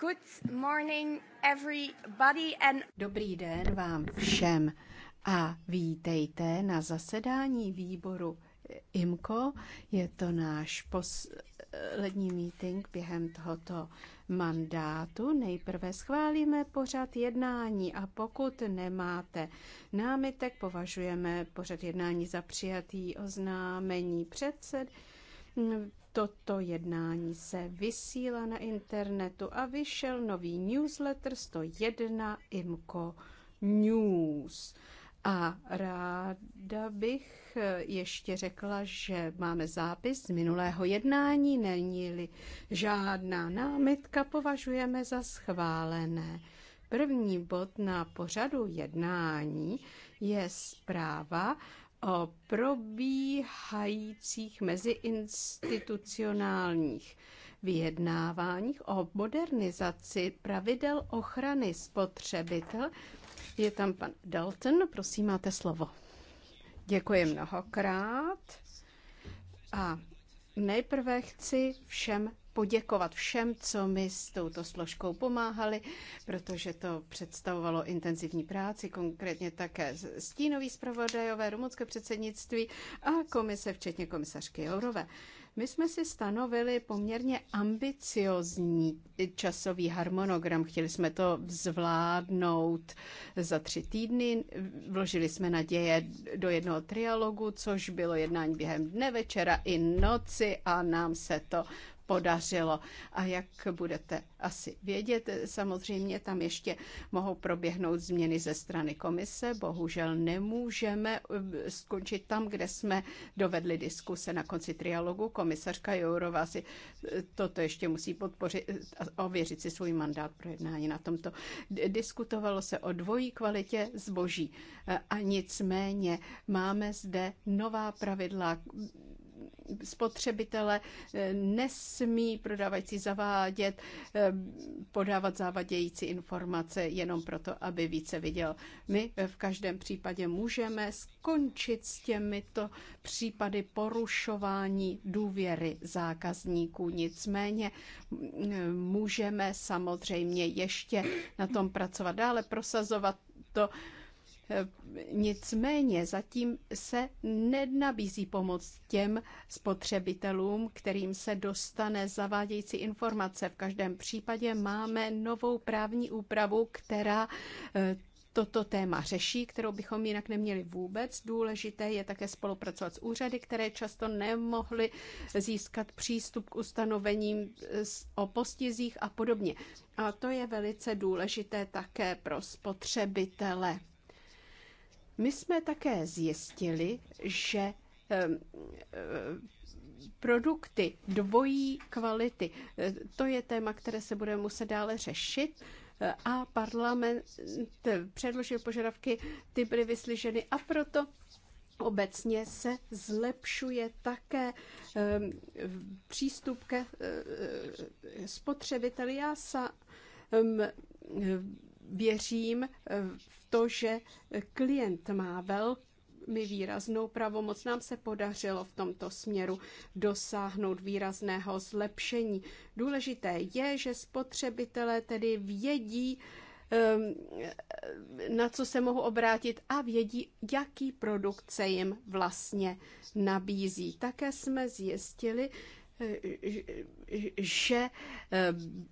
Good morning everybody and... Dobrý den vám všem a vítejte na zasedání výboru IMCO. Je to náš poslední meeting během tohoto mandátu. Nejprve schválíme pořad jednání a pokud nemáte námitek, považujeme pořad jednání za přijatý oznámení předsedy Toto jednání se vysílá na internetu a vyšel nový newsletter 101 IMCO News. A ráda bych eh, ještě řekla, že máme zápis z minulého jednání, není-li žádná námitka, považujeme za schválené. První bod na pořadu jednání je zpráva o probíhajících meziinstitucionálních vyjednáváních o modernizaci pravidel ochrany spotřebitel. Je tam pan Dalton, prosím, máte slovo. Děkuji mnohokrát a nejprve chci všem poděkovat všem, co mi s touto složkou pomáhali, protože to představovalo intenzivní práci, konkrétně také stínový zpravodajové, rumunské předsednictví a komise, včetně komisařky Jourové. My jsme si stanovili poměrně ambiciozní časový harmonogram. Chtěli jsme to zvládnout za tři týdny. Vložili jsme naděje do jednoho trialogu, což bylo jednání během dne, večera i noci a nám se to podařilo. A jak budete asi vědět, samozřejmě tam ještě mohou proběhnout změny ze strany komise. Bohužel nemůžeme eh, skončit tam, kde jsme dovedli diskuse na konci trialogu. Komisařka Jourová si eh, toto ještě musí podpořit eh, a ověřit si svůj mandát pro jednání na tomto. Diskutovalo se o dvojí kvalitě zboží a nicméně máme zde nová pravidla, spotřebitele, eh, nesmí prodávající zavádět, eh, podávat závadějící informace jenom proto, aby více viděl. My eh, v každém případě můžeme skončit s těmito případy porušování důvěry zákazníků. Nicméně mm, můžeme samozřejmě ještě na tom pracovat dále, prosazovat to Nicméně zatím se nenabízí pomoc těm spotřebitelům, kterým se dostane zavádějící informace. V každém případě máme novou právní úpravu, která eh, toto téma řeší, kterou bychom jinak neměli vůbec. Důležité je také spolupracovat s úřady, které často nemohly získat přístup k ustanovením eh, o postizích a podobně. A to je velice důležité také pro spotřebitele. My jsme také zjistili, že ehm, ehm, produkty dvojí kvality, eh, to je téma, které se bude muset dále řešit eh, a parlament eh, předložil požadavky, ty byly vyslyšeny a proto Obecně se zlepšuje také ehm, přístup ke spotřebiteli. Já sám věřím to, že klient má velký mi výraznou pravomoc. Nám se podařilo v tomto směru dosáhnout výrazného zlepšení. Důležité je, že spotřebitelé tedy vědí, ehm, na co se mohou obrátit a vědí, jaký produkt se jim vlastně nabízí. Také jsme zjistili, eh, že ehm,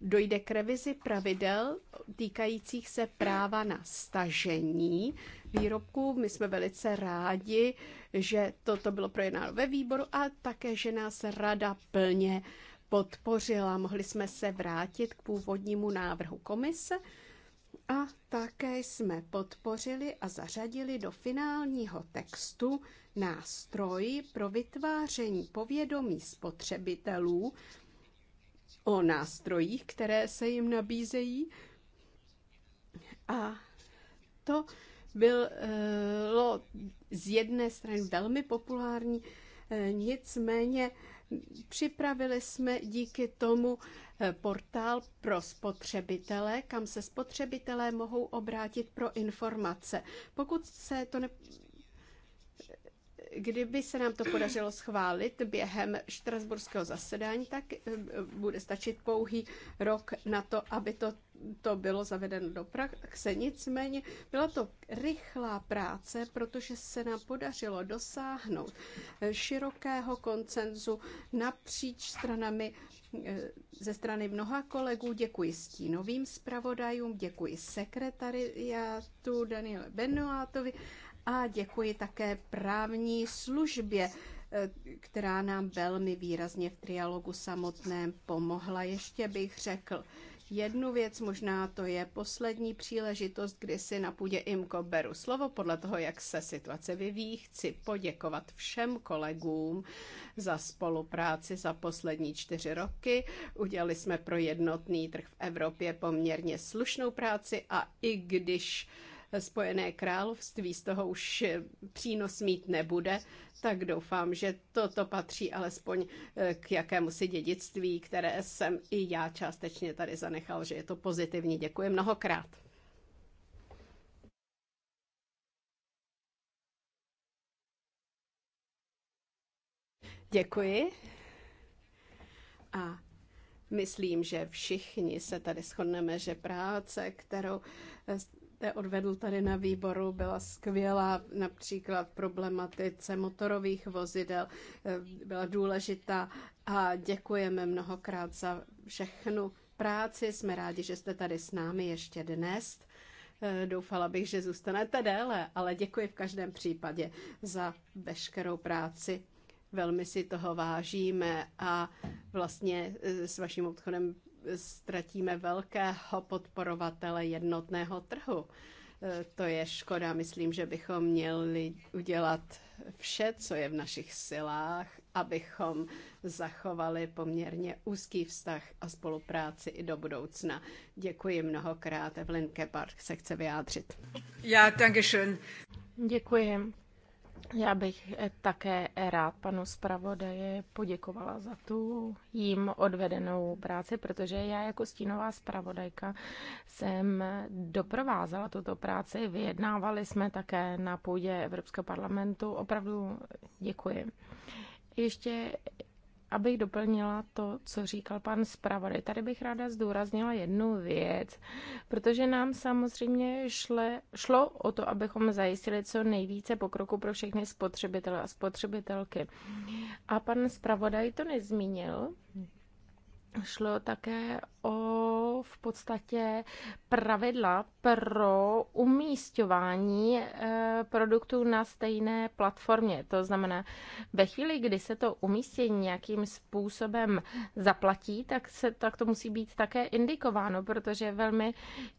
dojde k revizi pravidel týkajících se práva na stažení výrobků. My jsme velice rádi, že toto bylo projednáno ve výboru a také, že nás rada plně podpořila. Mohli jsme se vrátit k původnímu návrhu komise a také jsme podpořili a zařadili do finálního textu nástroj pro vytváření povědomí spotřebitelů o nástrojích, které se jim nabízejí. A to bylo z jedné strany velmi populární, e, nicméně Připravili jsme díky tomu e, portál pro spotřebitele, kam se spotřebitelé mohou obrátit pro informace. Pokud se to ne, Kdyby se nám to podařilo schválit během štrasburského zasedání, tak eh, bude stačit pouhý rok na to, aby to, to bylo zavedeno do praxe. Nicméně byla to rychlá práce, protože se nám podařilo dosáhnout eh, širokého koncenzu napříč stranami eh, ze strany mnoha kolegů. Děkuji stínovým zpravodajům, děkuji sekretariátu Daniele Benoátovi a děkuji také právní službě, eh, která nám velmi výrazně v trialogu samotném pomohla. Ještě bych řekl, jednu věc, možná to je poslední příležitost, kdy si na půdě IMKO beru slovo. Podle toho, jak se situace vyvíjí, chci poděkovat všem kolegům za spolupráci za poslední čtyři roky. Udělali jsme pro jednotný trh v Evropě poměrně slušnou práci a i když Spojené království z toho už eh, přínos mít nebude, tak doufám, že toto patří alespoň eh, k jakému si dědictví, které jsem i já částečně tady zanechal, že je to pozitivní. Děkuji mnohokrát. Děkuji. A myslím, že všichni se tady shodneme, že práce, kterou eh, odvedl tady na výboru, byla skvělá například problematice motorových vozidel, eh, byla důležitá a děkujeme mnohokrát za všechnu práci. Jsme rádi, že jste tady s námi ještě dnes. Eh, doufala bych, že zůstanete déle, ale děkuji v každém případě za veškerou práci. Velmi si toho vážíme a vlastně eh, s vaším odchodem ztratíme velkého podporovatele jednotného trhu. E, to je škoda. Myslím, že bychom měli udělat vše, co je v našich silách, abychom zachovali poměrně úzký vztah a spolupráci i do budoucna. Děkuji mnohokrát. Evelyn Kepard se chce vyjádřit. Já, ja, děkuji. Děkuji. Já bych eh, také rád panu zpravodaje poděkovala za tu jím odvedenou práci, protože já jako stínová zpravodajka jsem doprovázela tuto práci, vyjednávali jsme také na půdě Evropského parlamentu. Opravdu děkuji. Ještě abych doplnila to, co říkal pan zpravodaj. Tady bych ráda zdůraznila jednu věc, protože nám samozřejmě šle, šlo o to, abychom zajistili co nejvíce pokroku pro všechny spotřebitele a spotřebitelky. A pan zpravodaj to nezmínil. Šlo také o v podstatě pravidla pro umístování eh, produktů na stejné platformě. To znamená, ve chvíli, kdy se to umístění nějakým způsobem zaplatí, tak, se, tak to musí být také indikováno, protože velmi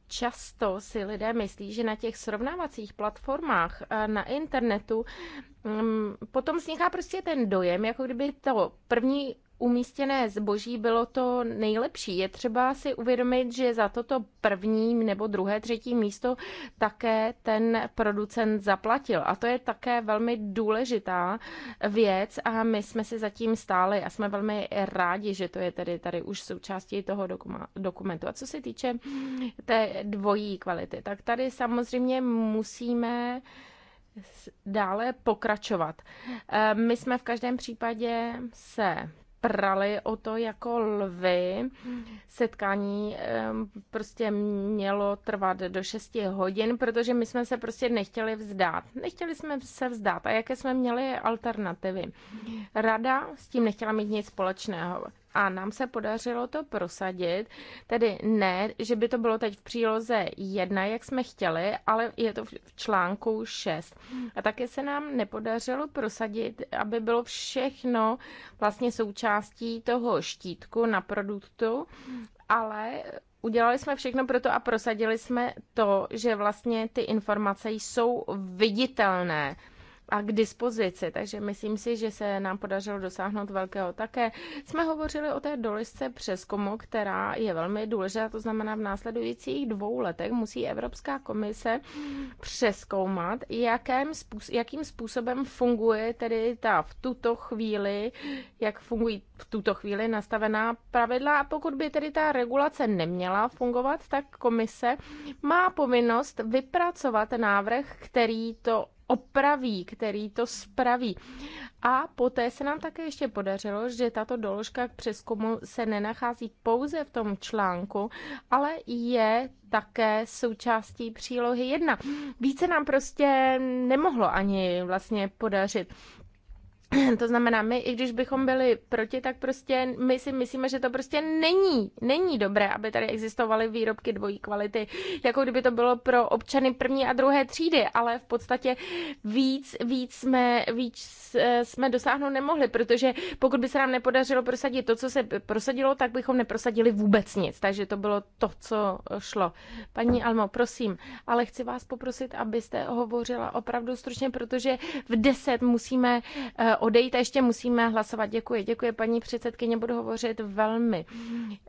často si lidé myslí, že na těch srovnávacích platformách eh, na internetu mm, potom vzniká prostě ten dojem, jako kdyby to první umístěné zboží bylo to nejlepší. Je třeba si uvědomit, že za toto první nebo druhé, třetí místo také ten producent zaplatil. A to je také velmi důležitá věc a my jsme si zatím stáli a jsme velmi rádi, že to je tedy tady už součástí toho dokumentu. A co se týče té dvojí kvality, tak tady samozřejmě musíme dále pokračovat. Ehm, my jsme v každém případě se prali o to jako lvy. Setkání prostě mělo trvat do 6 hodin, protože my jsme se prostě nechtěli vzdát. Nechtěli jsme se vzdát. A jaké jsme měli alternativy? Rada s tím nechtěla mít nic společného a nám se podařilo to prosadit. Tedy ne, že by to bylo teď v příloze 1, jak jsme chtěli, ale je to v článku 6. A také se nám nepodařilo prosadit, aby bylo všechno vlastně součástí toho štítku na produktu, ale udělali jsme všechno pro to a prosadili jsme to, že vlastně ty informace jsou viditelné a k dispozici. Takže myslím si, že se nám podařilo dosáhnout velkého. Také jsme hovořili o té dolisce přeskumu, která je velmi důležitá. To znamená, v následujících dvou letech musí Evropská komise přeskoumat, jakém způsob, jakým způsobem funguje tedy ta v tuto chvíli, jak fungují v tuto chvíli nastavená pravidla. A pokud by tedy ta regulace neměla fungovat, tak komise má povinnost vypracovat návrh, který to opraví, který to spraví. A poté se nám také ještě podařilo, že tato doložka k přeskumu se nenachází pouze v tom článku, ale je také součástí přílohy 1. Více nám prostě nemohlo ani vlastně podařit. To znamená, my, i když bychom byli proti, tak prostě my si myslíme, že to prostě není, není dobré, aby tady existovaly výrobky dvojí kvality, jako kdyby to bylo pro občany první a druhé třídy, ale v podstatě víc, víc jsme, víc eh, jsme dosáhnout nemohli, protože pokud by se nám nepodařilo prosadit to, co se prosadilo, tak bychom neprosadili vůbec nic, takže to bylo to, co šlo. Paní Almo, prosím, ale chci vás poprosit, abyste hovořila opravdu stručně, protože v deset musíme eh, odejít a ještě musíme hlasovat. Děkuji, děkuji paní předsedkyně, budu hovořit velmi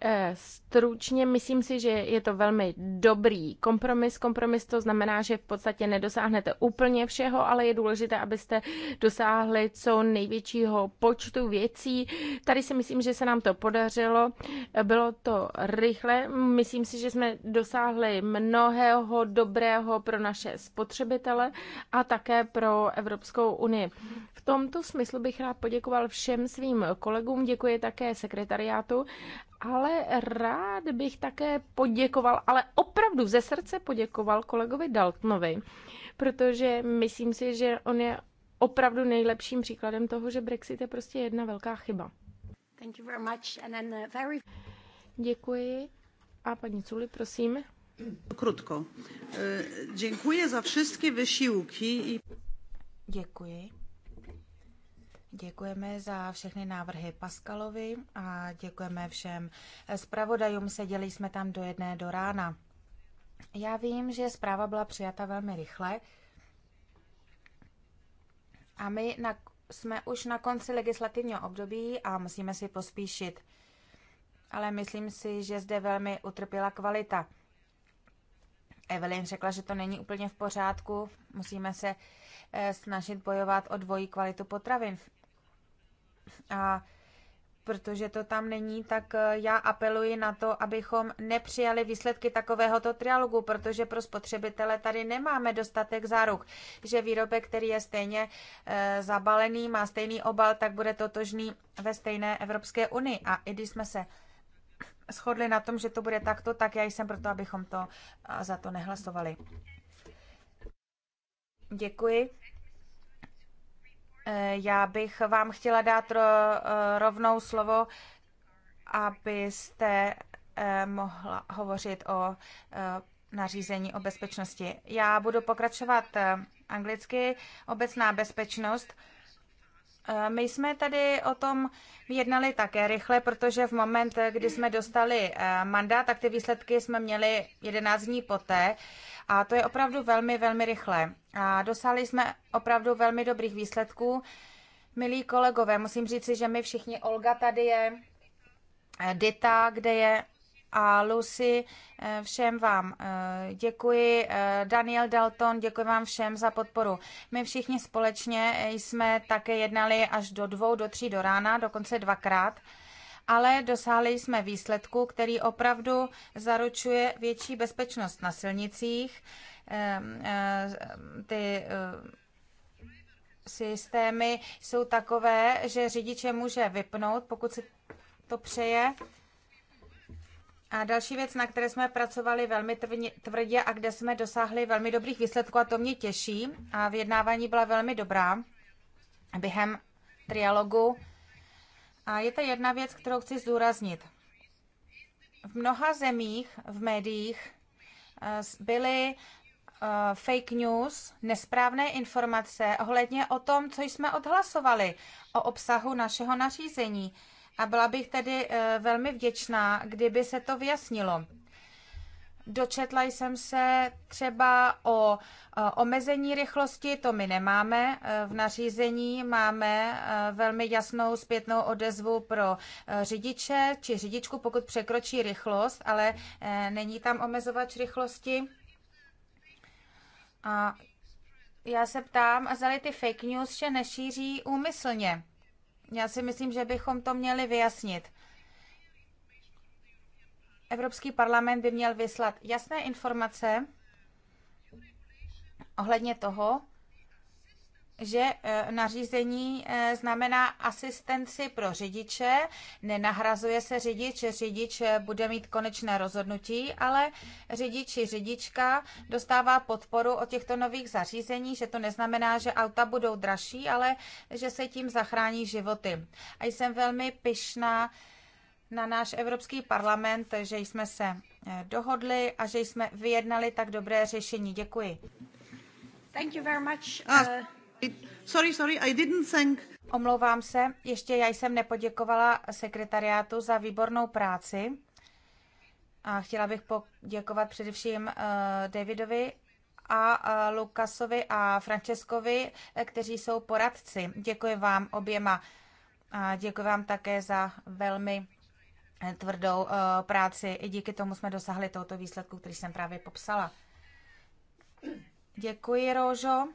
eh, stručně. Myslím si, že je to velmi dobrý kompromis. Kompromis to znamená, že v podstatě nedosáhnete úplně všeho, ale je důležité, abyste dosáhli co největšího počtu věcí. Tady si myslím, že se nám to podařilo. Bylo to rychle. Myslím si, že jsme dosáhli mnohého dobrého pro naše spotřebitele a také pro Evropskou unii. V tomto smyslu bych rád poděkoval všem svým kolegům, děkuji také sekretariátu, ale rád bych také poděkoval, ale opravdu ze srdce poděkoval kolegovi Daltnovi, protože myslím si, že on je opravdu nejlepším příkladem toho, že Brexit je prostě jedna velká chyba. Thank you very much. And then uh, very... Děkuji. A paní Culi, prosím. Krutko. E, děkuji za všechny wysiłki Děkuji. Děkujeme za všechny návrhy Paskalovi a děkujeme všem zpravodajům. Seděli jsme tam do jedné do rána. Já vím, že zpráva byla přijata velmi rychle a my na, jsme už na konci legislativního období a musíme si pospíšit. Ale myslím si, že zde velmi utrpěla kvalita. Evelyn řekla, že to není úplně v pořádku. Musíme se eh, snažit bojovat o dvojí kvalitu potravin a protože to tam není, tak eh, já apeluji na to, abychom nepřijali výsledky takovéhoto trialogu, protože pro spotřebitele tady nemáme dostatek záruk, že výrobek, který je stejně eh, zabalený, má stejný obal, tak bude totožný ve stejné Evropské unii. A i když jsme se shodli na tom, že to bude takto, tak já jsem proto, abychom to eh, za to nehlasovali. Děkuji. Eh, já bych vám chtěla dát eh, rovnou slovo, abyste eh, mohla hovořit o nařízení o bezpečnosti. Já budu pokračovat anglicky. Obecná bezpečnost Eh, my jsme tady o tom jednali také rychle, protože v moment, kdy jsme dostali eh, mandát, tak ty výsledky jsme měli 11 dní poté. A to je opravdu velmi, velmi rychle. A dosáhli jsme opravdu velmi dobrých výsledků. Milí kolegové, musím říci, že my všichni, Olga tady je, eh, Dita, kde je, a Lucy, eh, všem vám eh, děkuji. Eh, Daniel Dalton, děkuji vám všem za podporu. My všichni společně jsme také jednali až do dvou, do tří do rána, dokonce dvakrát ale dosáhli jsme výsledku, který opravdu zaručuje větší bezpečnost na silnicích. Ty systémy jsou takové, že řidiče může vypnout, pokud si to přeje. A další věc, na které jsme pracovali velmi tvrdě a kde jsme dosáhli velmi dobrých výsledků, a to mě těší, a vyjednávání byla velmi dobrá během trialogu. A je to jedna věc, kterou chci zdůraznit. V mnoha zemích, v médiích, eh, byly eh, fake news, nesprávné informace ohledně o tom, co jsme odhlasovali, o obsahu našeho nařízení. A byla bych tedy eh, velmi vděčná, kdyby se to vyjasnilo. Dočetla jsem se třeba o eh, omezení rychlosti, to my nemáme. Eh, v nařízení máme velmi jasnou zpětnou odezvu pro řidiče či řidičku, pokud překročí rychlost, ale není tam omezovač rychlosti. A já se ptám, zda ty fake news se nešíří úmyslně já si myslím, že bychom to měli vyjasnit. Evropský parlament by měl vyslat jasné informace ohledně toho, že e, nařízení e, znamená asistenci pro řidiče, nenahrazuje se řidič, řidič e, bude mít konečné rozhodnutí, ale řidič či řidička dostává podporu od těchto nových zařízení, že to neznamená, že auta budou dražší, ale že se tím zachrání životy. A jsem velmi pyšná na náš Evropský parlament, že jsme se dohodli a že jsme vyjednali tak dobré řešení. Děkuji. Thank you very much. Ah. Uh sorry, sorry, I didn't thank... Omlouvám se, ještě já jsem nepoděkovala sekretariátu za výbornou práci. A chtěla bych poděkovat především eh, Davidovi a eh, Lukasovi a Franceskovi, eh, kteří jsou poradci. Děkuji vám oběma. A děkuji vám také za velmi tvrdou práci. I díky tomu jsme dosáhli tohoto výsledku, který jsem právě popsala. Děkuji, Rožo.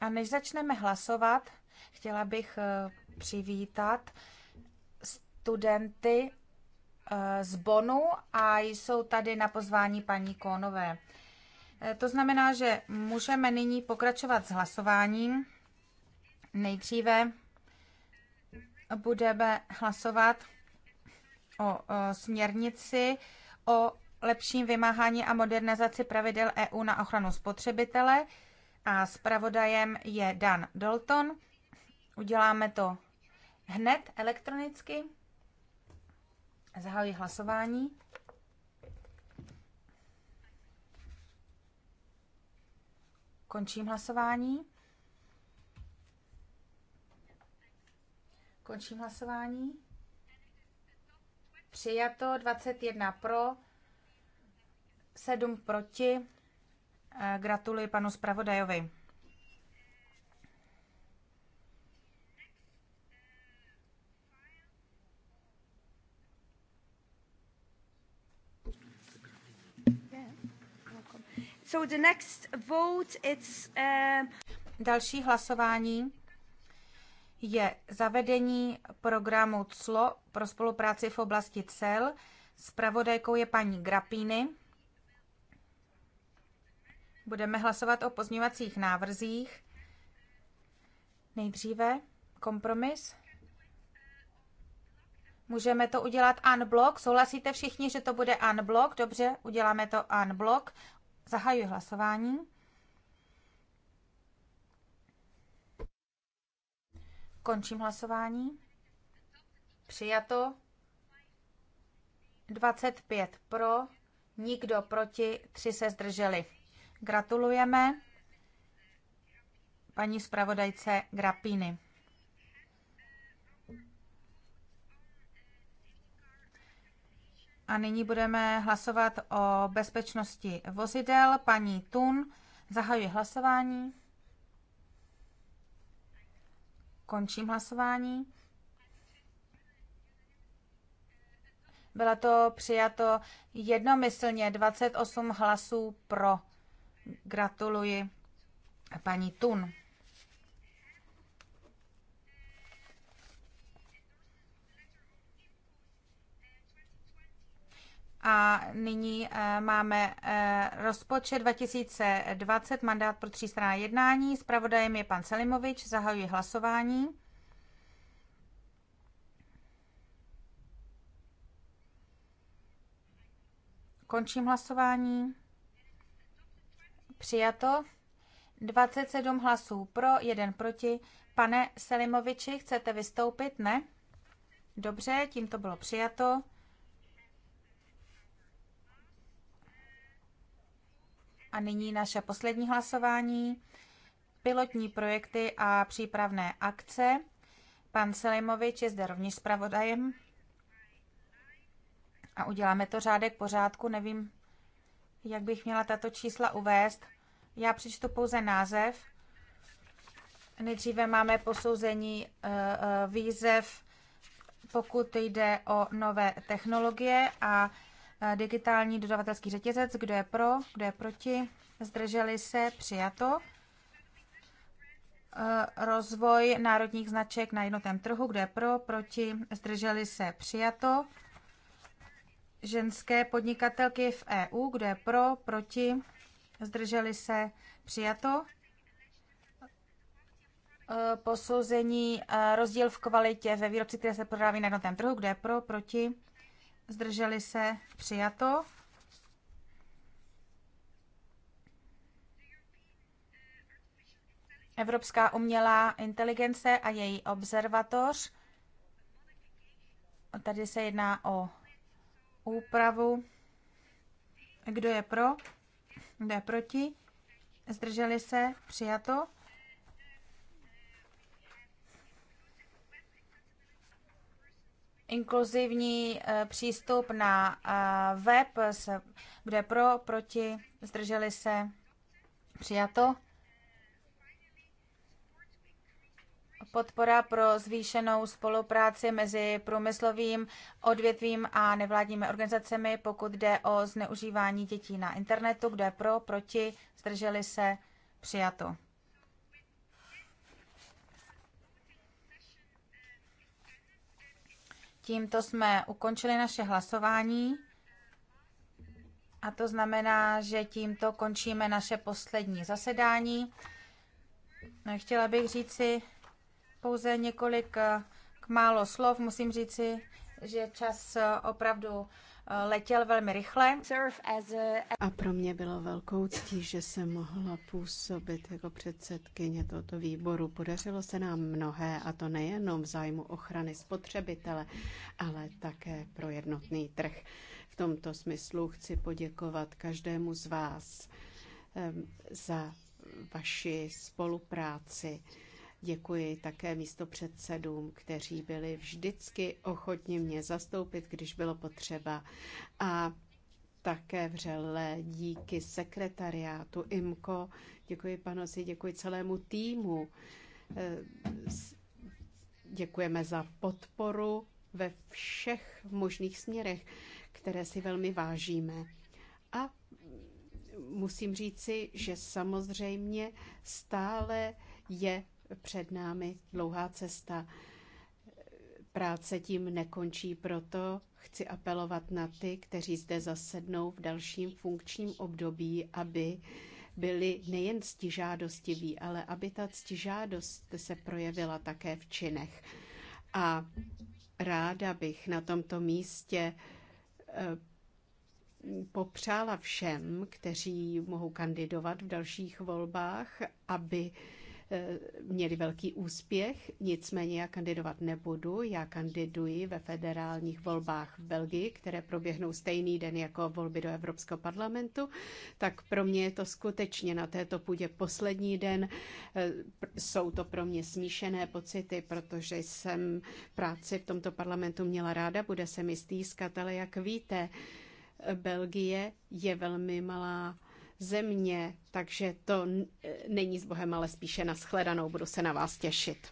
A než začneme hlasovat, chtěla bych eh, přivítat studenty eh, z Bonu a jsou tady na pozvání paní Konové. Eh, to znamená, že můžeme nyní pokračovat s hlasováním. Nejdříve budeme hlasovat o směrnici o lepším vymáhání a modernizaci pravidel EU na ochranu spotřebitele a zpravodajem je Dan Dalton. Uděláme to hned elektronicky. Zahajuji hlasování. Končím hlasování. Končím hlasování. Přijato 21 pro, 7 proti. Gratuluji panu zpravodajovi. So the next vote, it's, um... Další hlasování je zavedení programu CLO pro spolupráci v oblasti cel. Spravodajkou je paní Grapíny. Budeme hlasovat o pozměňovacích návrzích. Nejdříve kompromis. Můžeme to udělat unblock. Souhlasíte všichni, že to bude unblock? Dobře, uděláme to unblock. Zahajuji hlasování. Končím hlasování. Přijato. 25 pro, nikdo proti, 3 se zdrželi. Gratulujeme paní zpravodajce Grapiny. A nyní budeme hlasovat o bezpečnosti vozidel. Paní Tun, zahajuji hlasování. Končím hlasování. Bylo to přijato jednomyslně 28 hlasů pro. Gratuluji paní Tun. A nyní eh, máme eh, rozpočet 2020, mandát pro třístranná jednání. Spravodajem je pan Selimovič, zahajuji hlasování. Končím hlasování. Přijato. 27 hlasů pro, 1 proti. Pane Selimoviči, chcete vystoupit? Ne? Dobře, tím to bylo přijato. A nyní naše poslední hlasování. Pilotní projekty a přípravné akce. Pan Selimovič je zde rovněž zpravodajem. A uděláme to řádek pořádku, nevím, jak bych měla tato čísla uvést. Já přečtu pouze název. Nejdříve máme posouzení eh, eh, výzev, pokud jde o nové technologie a eh, digitální dodavatelský řetězec, kdo je pro, kdo je proti, zdrželi se, přijato. Rozvoj národních značek na jednotném trhu, kdo je pro, proti, zdrželi se, přijato ženské podnikatelky v EU. Kdo je pro, proti, zdrželi se, přijato. E, posouzení e, rozdíl v kvalitě ve výrobci, které se prodávají na jednotném trhu. Kdo je pro, proti, zdrželi se, přijato. Evropská umělá inteligence a její observatoř. Tady se jedná o úpravu. Kdo je pro? Kdo je proti? Zdrželi se? Přijato. inkluzivní eh, přístup na eh, web, kde pro, proti, zdrželi se, přijato. podpora pro zvýšenou spolupráci mezi průmyslovým odvětvím a nevládními organizacemi, pokud jde o zneužívání dětí na internetu, kdo je pro, proti, zdrželi se, přijato. Tímto jsme ukončili naše hlasování a to znamená, že tímto končíme naše poslední zasedání. No, chtěla bych říci, pouze několik eh, k málo slov. Musím říci, že čas eh, opravdu eh, letěl velmi rychle. A pro mě bylo velkou ctí, že jsem mohla působit jako předsedkyně tohoto výboru. Podařilo se nám mnohé, a to nejenom v zájmu ochrany spotřebitele, ale také pro jednotný trh. V tomto smyslu chci poděkovat každému z vás za vaši spolupráci Děkuji také místopředsedům, kteří byli vždycky ochotni mě zastoupit, když bylo potřeba. A také vřele díky sekretariátu IMKO, děkuji panosi, děkuji celému týmu. Eh, děkujeme za podporu ve všech možných směrech, které si velmi vážíme. A musím říci, že samozřejmě stále je před námi dlouhá cesta. Práce tím nekončí, proto chci apelovat na ty, kteří zde zasednou v dalším funkčním období, aby byli nejen ctižádostiví, ale aby ta ctižádost se projevila také v činech. A ráda bych na tomto místě eh, popřála všem, kteří mohou kandidovat v dalších volbách, aby Eh, měli velký úspěch, nicméně já kandidovat nebudu. Já kandiduji ve federálních volbách v Belgii, které proběhnou stejný den jako volby do Evropského parlamentu. Tak pro mě je to skutečně na této půdě poslední den. Eh, jsou to pro mě smíšené pocity, protože jsem práci v tomto parlamentu měla ráda, bude se mi stýskat, ale jak víte, Belgie je velmi malá země, takže to není s Bohem, ale spíše na shledanou. Budu se na vás těšit.